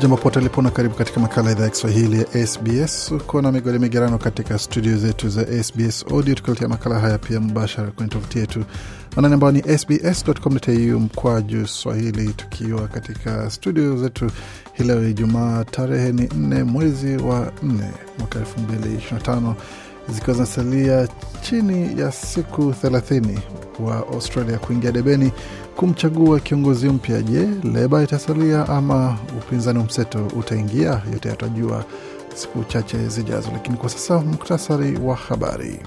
Jambo pote lipo na karibu katika makala ya idhaa ya Kiswahili ya SBS. Uko na migodi migerano katika studio zetu za SBS Audio, tukiletea makala haya pia mubashara kwenye tovuti yetu anani ambao ni sbs.com.au mkwaju swahili, tukiwa katika studio zetu hii leo Ijumaa tarehe ni 4 mwezi wa 4 mwaka 2025 zikiwa zinasalia chini ya siku 30 wa Australia kuingia debeni kumchagua kiongozi mpya. Je, Leba itasalia ama upinzani mseto utaingia? Yote yatajua siku chache zijazo, lakini kwa sasa muktasari wa habari.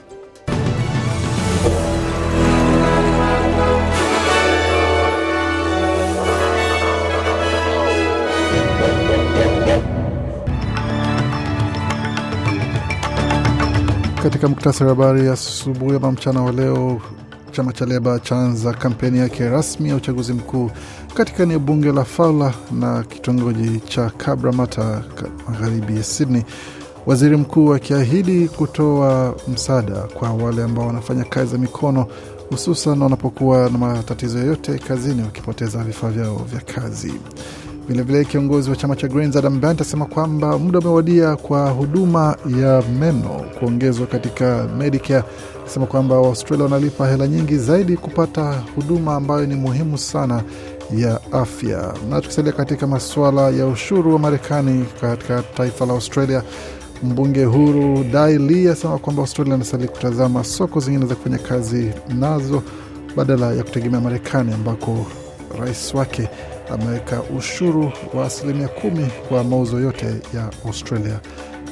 Katika muktasari wa habari asubuhi ama mchana wa leo, chama cha Leba chaanza kampeni yake rasmi ya uchaguzi mkuu katika eneo bunge la Faula na kitongoji cha mata magharibi ya Sydney, waziri mkuu akiahidi kutoa msaada kwa wale ambao wanafanya kazi za mikono, hususan wanapokuwa na matatizo yoyote kazini, wakipoteza vifaa vyao vya kazi. Vilevile, kiongozi wa chama cha Greens Adam Bant asema kwamba muda umewadia kwa huduma ya meno kuongezwa katika Medicare. Asema kwamba Waustralia wanalipa hela nyingi zaidi kupata huduma ambayo ni muhimu sana ya afya. Na tukisalia katika masuala ya ushuru wa Marekani katika taifa la Australia, mbunge huru Dai Li asema kwamba Australia inastahili kutazama soko zingine za kufanya kazi nazo badala ya kutegemea Marekani ambako rais wake ameweka ushuru wa asilimia kumi kwa mauzo yote ya Australia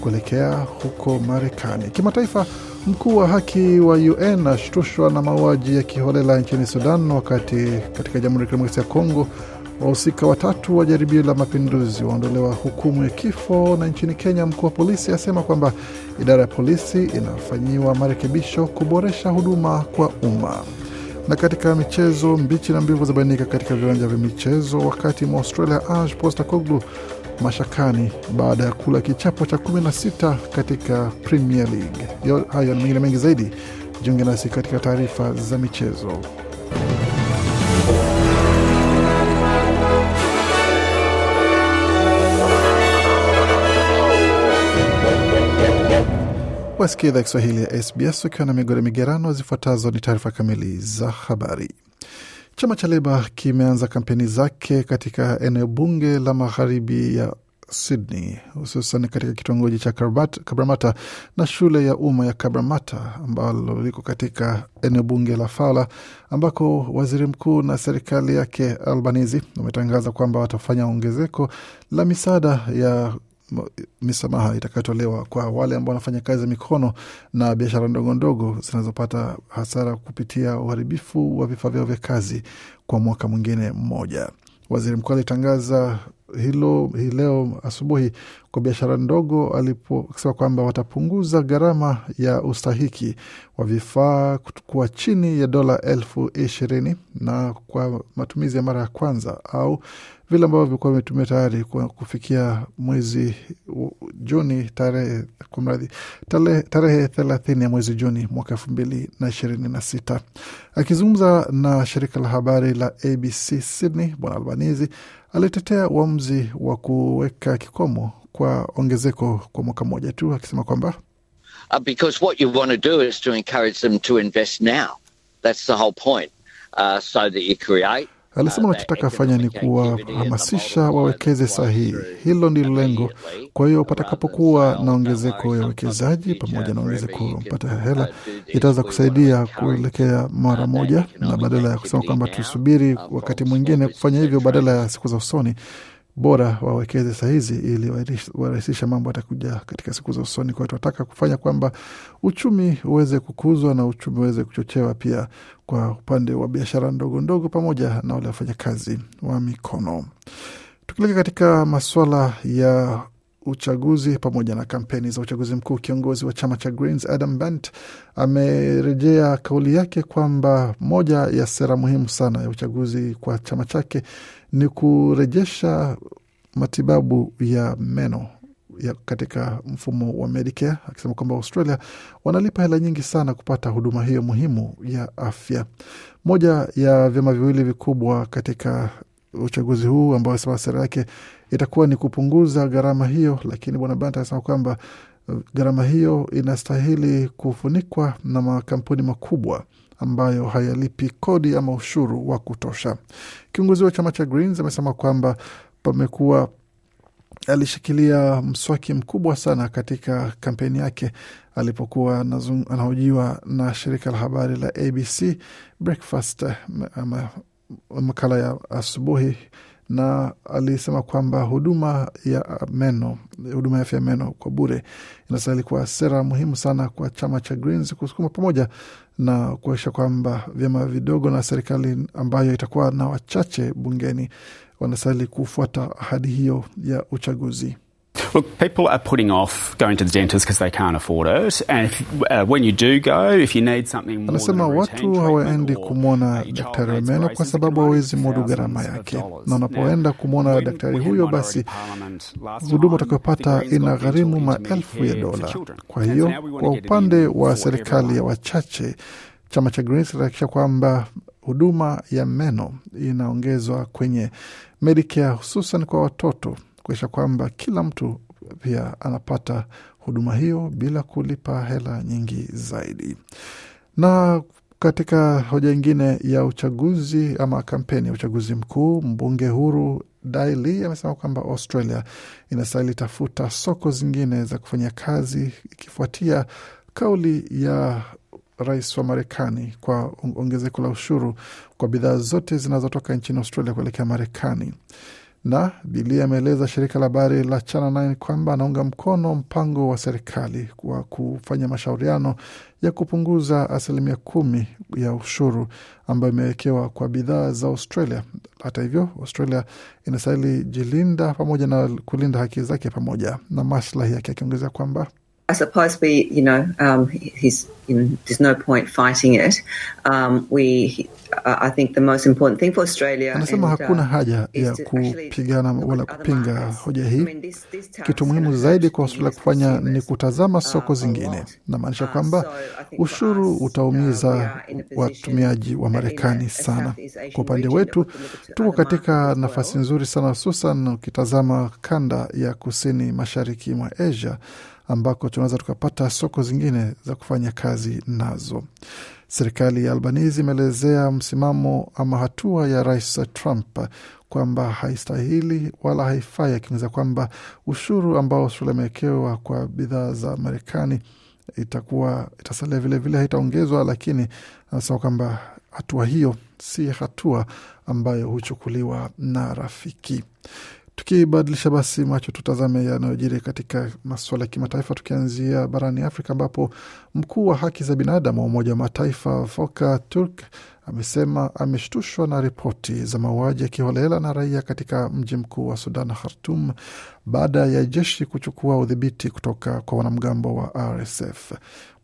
kuelekea huko Marekani. Kimataifa, mkuu wa haki wa UN ashtushwa na mauaji ya kiholela nchini Sudan, wakati katika Jamhuri ya Kidemokrasia ya Kongo wahusika watatu wa jaribio la mapinduzi waondolewa hukumu ya kifo. Na nchini Kenya, mkuu wa polisi asema kwamba idara ya polisi inafanyiwa marekebisho kuboresha huduma kwa umma. Na katika michezo, mbichi na mbivu zabainika katika viwanja vya michezo, wakati mwa Australia Ange Postecoglou mashakani baada ya kula kichapo cha 16 katika Premier League. Hayo na mengine mengi zaidi, jiunge nasi katika taarifa za michezo. kuwasikia idhaa Kiswahili ya SBS ukiwa na migore migerano. Zifuatazo ni taarifa kamili za habari. Chama cha Leba kimeanza kampeni zake katika eneo bunge la magharibi ya Sydney, hususan katika kitongoji cha Kabramata na shule ya umma ya Kabramata ambalo liko katika eneo bunge la Fala, ambako waziri mkuu na serikali yake albanizi wametangaza kwamba watafanya ongezeko la misaada ya misamaha itakayotolewa kwa wale ambao wanafanya kazi za mikono na biashara ndogo ndogo zinazopata hasara kupitia uharibifu wa vifaa vyao vya kazi kwa mwaka mwingine mmoja. Waziri mkuu alitangaza hilo hii leo asubuhi kwa biashara ndogo aliposema kwamba watapunguza gharama ya ustahiki wa vifaa kuwa chini ya dola elfu ishirini na kwa matumizi ya mara ya kwanza au vile ambavyo vilikuwa vimetumia tayari kufikia mwezi Juni tarehe kumradhi, tarehe thelathini ya mwezi Juni mwaka elfu mbili na ishirini na sita. Akizungumza na shirika la habari la ABC Sydney, Bwana Albanizi alitetea uamuzi wa kuweka kikomo kwa ongezeko kwa mwaka mmoja tu, akisema kwamba uh, because what you want to do is to encourage them to invest now that's the whole point uh, so that you create Alisema anachotaka fanya ni kuwahamasisha wawekeze sahihi, hilo ndilo lengo. Kwa hiyo patakapokuwa na ongezeko ya uwekezaji pamoja na ongezeko pata hela, itaweza kusaidia kuelekea mara moja, na badala ya kusema kwamba tusubiri wakati mwingine kufanya hivyo, badala ya siku za usoni bora wawekeze sahizi ili warahisisha mambo atakuja katika siku za usoni. Kwa hiyo tunataka kufanya kwamba uchumi uweze kukuzwa na uchumi uweze kuchochewa pia kwa upande wa biashara ndogo ndogo pamoja na wale wafanyakazi wa mikono. tukilekea katika masuala ya uchaguzi pamoja na kampeni za uchaguzi mkuu, kiongozi wa chama cha Greens Adam Bant amerejea kauli yake kwamba moja ya sera muhimu sana ya uchaguzi kwa chama chake ni kurejesha matibabu ya meno ya katika mfumo wa Medicare, akisema kwamba Australia wanalipa hela nyingi sana kupata huduma hiyo muhimu ya afya. Moja ya vyama viwili vikubwa katika uchaguzi huu ambao sera yake itakuwa ni kupunguza gharama hiyo, lakini bwana Bant anasema kwamba uh, gharama hiyo inastahili kufunikwa na makampuni makubwa ambayo hayalipi kodi ama ushuru wa kutosha. Kiongozi wa chama cha Greens amesema kwamba pamekuwa alishikilia mswaki mkubwa sana katika kampeni yake alipokuwa anahojiwa na shirika la habari la ABC Breakfast, uh, makala ya asubuhi na alisema kwamba huduma ya meno, huduma ya afya ya meno kwa bure inastahili kuwa sera muhimu sana kwa chama cha Greens kusukuma pamoja na kuonyesha kwamba vyama vidogo na serikali ambayo itakuwa na wachache bungeni wanastahili kufuata ahadi hiyo ya uchaguzi. Look, people are putting off going to the dentist because they can't afford it, and if, uh, when you do go, if you need something more anasema watu hawaendi kumwona daktari wa meno kwa sababu hawezi mudu gharama yake, na unapoenda kumwona daktari huyo, basi huduma utakayopata ina gharimu maelfu ya dola. Kwa hiyo kwa upande wa serikali ya wachache, chama cha Greens kinahakikisha kwamba huduma ya meno inaongezwa kwenye Medicare hususan kwa watoto kuisha kwamba kila mtu pia anapata huduma hiyo bila kulipa hela nyingi zaidi. Na katika hoja ingine ya uchaguzi ama kampeni ya uchaguzi mkuu, mbunge huru Daily amesema kwamba Australia inastahili tafuta soko zingine za kufanya kazi ikifuatia kauli ya rais wa Marekani kwa ongezeko la ushuru kwa bidhaa zote zinazotoka nchini Australia kuelekea Marekani na Bili ameeleza shirika la habari la Chana 9 kwamba anaunga mkono mpango wa serikali wa kufanya mashauriano ya kupunguza asilimia kumi ya ushuru ambayo imewekewa kwa bidhaa za Australia. Hata hivyo, Australia inastahili jilinda pamoja na kulinda haki zake pamoja na maslahi yake, akiongezea kwamba I suppose we, you know, um, he's in, there's no point fighting it. Um, we, I think the most important thing for Australia. Anasema and, hakuna uh, haja ya kupigana wala kupinga hoja hii. I mean, this, this kitu muhimu zaidi kwa Australia kufanya ni kutazama uh, soko zingine. Namaanisha uh, kwamba uh, ushuru utaumiza watumiaji wa Marekani sana. Kwa upande wetu tuko katika nafasi nzuri sana, hususan ukitazama kanda ya kusini mashariki mwa Asia ambako tunaweza tukapata soko zingine za kufanya kazi nazo. Serikali ya Albanizi imeelezea msimamo ama hatua ya Rais Trump kwamba haistahili wala haifai, akiongeza kwamba ushuru ambao Australia amewekewa kwa bidhaa za Marekani itakuwa itasalia vilevile, haitaongezwa. Lakini anasema kwamba hatua hiyo si hatua ambayo huchukuliwa na rafiki. Tukibadilisha basi macho, tutazame yanayojiri katika masuala ya kimataifa, tukianzia barani Afrika ambapo mkuu wa haki za binadamu wa Umoja wa Mataifa Volker Turk amesema ameshtushwa na ripoti za mauaji ya kiholela na raia katika mji mkuu wa Sudan, Khartum, baada ya jeshi kuchukua udhibiti kutoka kwa wanamgambo wa RSF.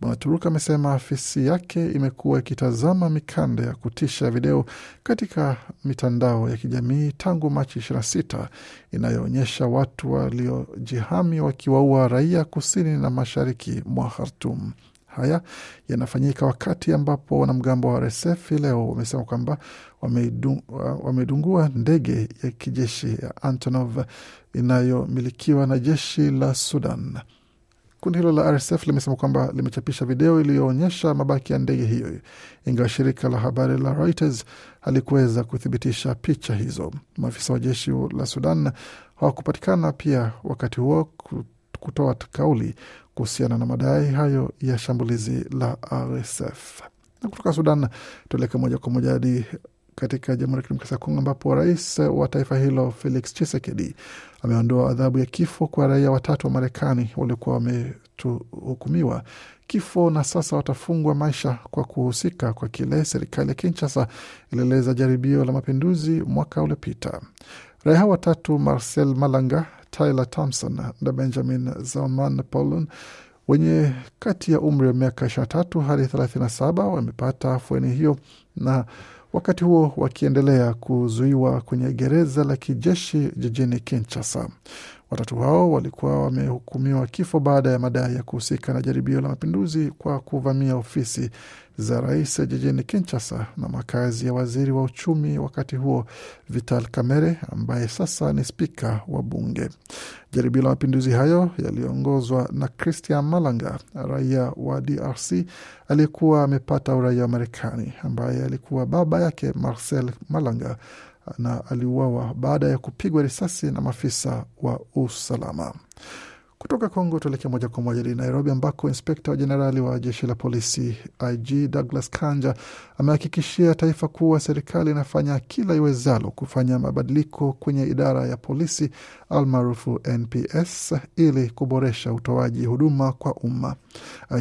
Bwana Turuk amesema afisi yake imekuwa ikitazama mikanda ya kutisha video katika mitandao ya kijamii tangu Machi 26 inayoonyesha watu waliojihami wakiwaua raia kusini na mashariki mwa Khartum. Haya yanafanyika wakati ambapo wanamgambo wa RSF leo wamesema kwamba wamedungua ndege ya kijeshi ya Antonov inayomilikiwa na jeshi la Sudan. Kundi hilo la RSF limesema kwamba limechapisha video iliyoonyesha mabaki ya ndege hiyo, ingawa shirika la habari la Reuters halikuweza kuthibitisha picha hizo. Maafisa wa jeshi la Sudan hawakupatikana pia wakati huo kutoa kauli kuhusiana na madai hayo ya shambulizi la RSF. Na kutoka Sudan tueleke moja kwa moja hadi katika Jamhuri ya Kidemokrasia ya Kongo ambapo rais wa taifa hilo Felix Tshisekedi ameondoa adhabu ya kifo kwa raia watatu wa Marekani waliokuwa wamehukumiwa kifo na sasa watafungwa maisha kwa kuhusika kwa kile serikali ya Kinshasa ilieleza jaribio la mapinduzi mwaka uliopita. Raia hao watatu Marcel Malanga, Tyler Thompson na Benjamin Zoman Polun wenye kati ya umri wa miaka 23 hadi 37 wamepata afueni hiyo, na wakati huo wakiendelea kuzuiwa kwenye gereza la kijeshi jijini Kinshasa. Watatu hao walikuwa wamehukumiwa kifo baada ya madai ya kuhusika na jaribio la mapinduzi kwa kuvamia ofisi za rais jijini Kinshasa na makazi ya waziri wa uchumi wakati huo Vital Kamerhe ambaye sasa ni spika wa bunge. Jaribio la mapinduzi hayo yaliongozwa na Christian Malanga, raia wa DRC aliyekuwa amepata uraia wa Marekani, ambaye alikuwa baba yake Marcel Malanga na aliuawa baada ya kupigwa risasi na maafisa wa usalama. Kutoka Kongo tuelekea moja kwa moja hadi Nairobi, ambako inspekta jenerali wa jeshi la polisi IG Douglas Kanja amehakikishia taifa kuwa serikali inafanya kila iwezalo kufanya mabadiliko kwenye idara ya polisi almaarufu NPS ili kuboresha utoaji huduma kwa umma.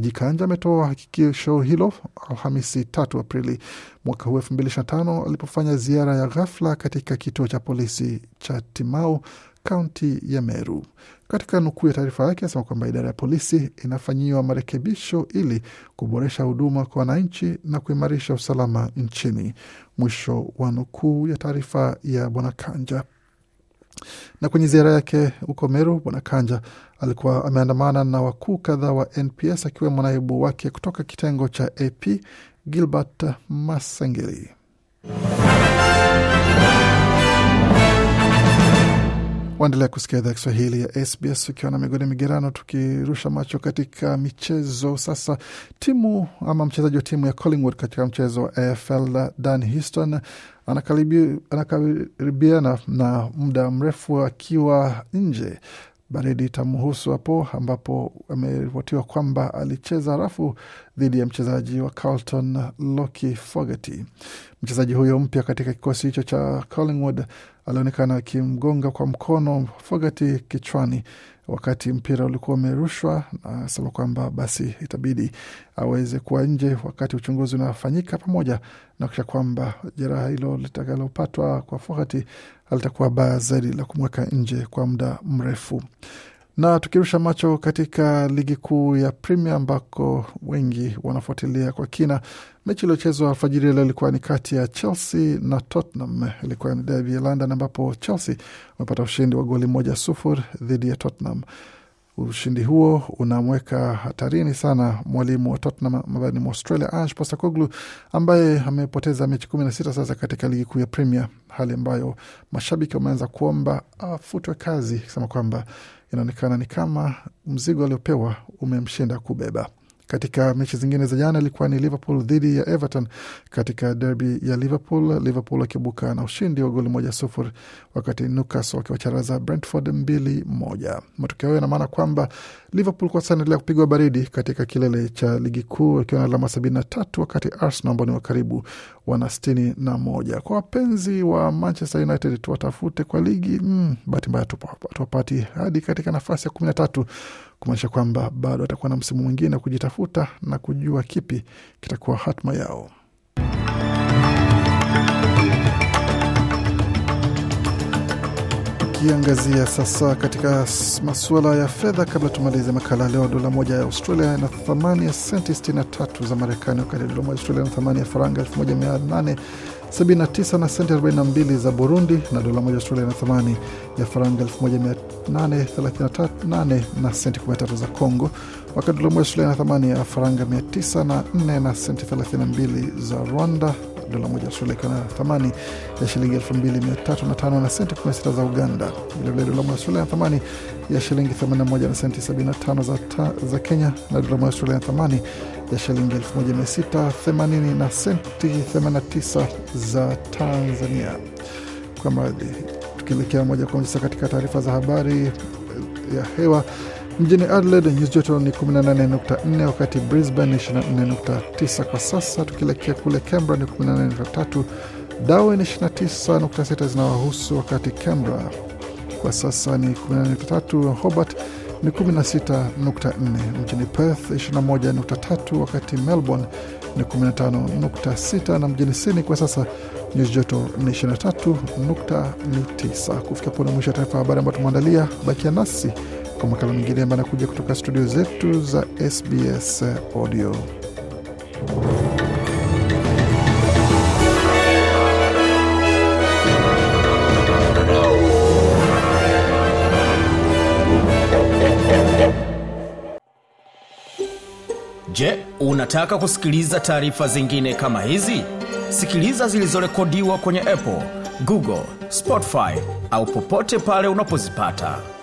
Jikanja ametoa hakikisho hilo Alhamisi 3 Aprili mwaka huu 2025 alipofanya ziara ya ghafla katika kituo cha polisi cha Timau kaunti ya Meru. Katika nukuu ya taarifa yake anasema kwamba idara ya polisi inafanyiwa marekebisho ili kuboresha huduma kwa wananchi na kuimarisha usalama nchini. Mwisho wa nukuu ya taarifa ya Bwana Kanja. Na kwenye ziara yake huko Meru, Bwana Kanja alikuwa ameandamana na wakuu kadhaa wa NPS akiwemo naibu wake kutoka kitengo cha AP Gilbert Masengeli. Waendelea kusikia idhaa Kiswahili ya SBS ukiwa na migodi migerano. Tukirusha macho katika michezo sasa, timu ama mchezaji wa timu ya Collingwood katika mchezo wa AFL Dan Houston anakaribiana na muda mrefu akiwa nje, baridi itamhusu hapo, ambapo ameripotiwa kwamba alicheza rafu dhidi ya mchezaji wa Carlton Loki Fogarty. Mchezaji huyo mpya katika kikosi hicho cha Collingwood alionekana akimgonga kwa mkono Fogarty kichwani wakati mpira ulikuwa umerushwa, na asema kwamba basi itabidi aweze kuwa nje wakati uchunguzi unafanyika, pamoja na kisha kwamba jeraha hilo litakalopatwa kwa Fogarty alitakuwa baya zaidi la kumweka nje kwa muda mrefu. Na tukirusha macho katika ligi kuu ya Premier ambako wengi wanafuatilia kwa kina, mechi iliyochezwa alfajiri leo ilikuwa ni kati ya Chelsea na Tottenham. Ilikuwa ni derby ya London ambapo Chelsea wamepata ushindi wa goli moja sufuri dhidi ya Tottenham. Ushindi huo unamweka hatarini sana mwalimu wa Tottenham ambaye mwa Australia Ange Postecoglou ambaye amepoteza mechi kumi na sita sasa katika ligi kuu ya Premier, hali ambayo mashabiki wameanza kuomba afutwe kazi, akisema kwamba inaonekana ni kama mzigo aliopewa umemshinda kubeba. Katika mechi zingine za jana ilikuwa ni Liverpool dhidi ya Everton katika derby ya Liverpool, Liverpool wakibuka na ushindi wa goli moja sufuri, wakati Newcastle wakiwacharaza Brentford mbili moja. Matokeo hayo yanamaana kwamba Liverpool kwa sasa inaendelea kupigwa baridi katika kilele cha ligi kuu ikiwa na alama sabini na tatu wakati Arsenal ambao ni wa karibu wana sitini na moja. Kwa wapenzi wa Manchester United tuwatafute kwa ligi mm, bahati mbaya tuwapati hadi katika nafasi ya kumi na tatu kumaanisha kwamba bado atakuwa na msimu mwingine wa kujitafuta na kujua kipi kitakuwa hatma yao. tukiangazia sasa katika masuala ya fedha. Kabla tumalize makala leo, dola moja ya Australia na thamani ya senti 63 za Marekani, wakati dola moja ya Australia na thamani ya faranga 1879 na senti 42 za Burundi, na dola moja ya Australia na thamani ya faranga 1838 na senti 13 za Congo, wakati dola moja ya Australia na thamani ya faranga 904 na senti 32 za Rwanda dola moja ya Australia ikiwa na thamani ya shilingi 2305 na senti 16 za Uganda. Vilevile dola moja ya Australia na thamani ya shilingi 81 na senti 75 za, ta, za Kenya na dola moja ya Australia na thamani ya shilingi 1680 na senti 89 za Tanzania. Kwa mradhi, tukielekea moja kwa moja katika taarifa za habari ya hewa Mjini Adelaide nyuzi joto ni 18.4, wakati Brisbane 24.9 kwa sasa, tukielekea kule Canberra ni 18.3, Darwin 29.6 zinawahusu, wakati Canberra kwa sasa ni 18.3, Hobart ni 16.4, mjini Perth 21.3, wakati Melbourne ni 15.6 na mjini Sydney kwa sasa nyuzi joto ni 23.9. Kufikia pone mwisho ya taarifa habari ambayo tumeandalia, bakia nasi kwa makala mengine ambayo anakuja kutoka studio zetu za SBS uh, Audio. Je, unataka kusikiliza taarifa zingine kama hizi? Sikiliza zilizorekodiwa kwenye Apple, Google, Spotify au popote pale unapozipata.